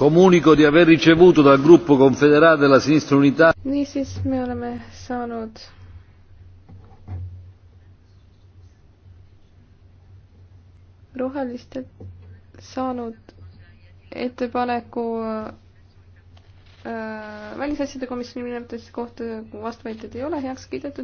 Comunico di aver ricevuto dal gruppo confederato della sinistra unità. niisiis, me oleme saanud rohelistelt saanud ettepaneku äh, välisasjade komisjoni nimetamise kohta, kui vastuväiteid ei ole heaks kiidetud.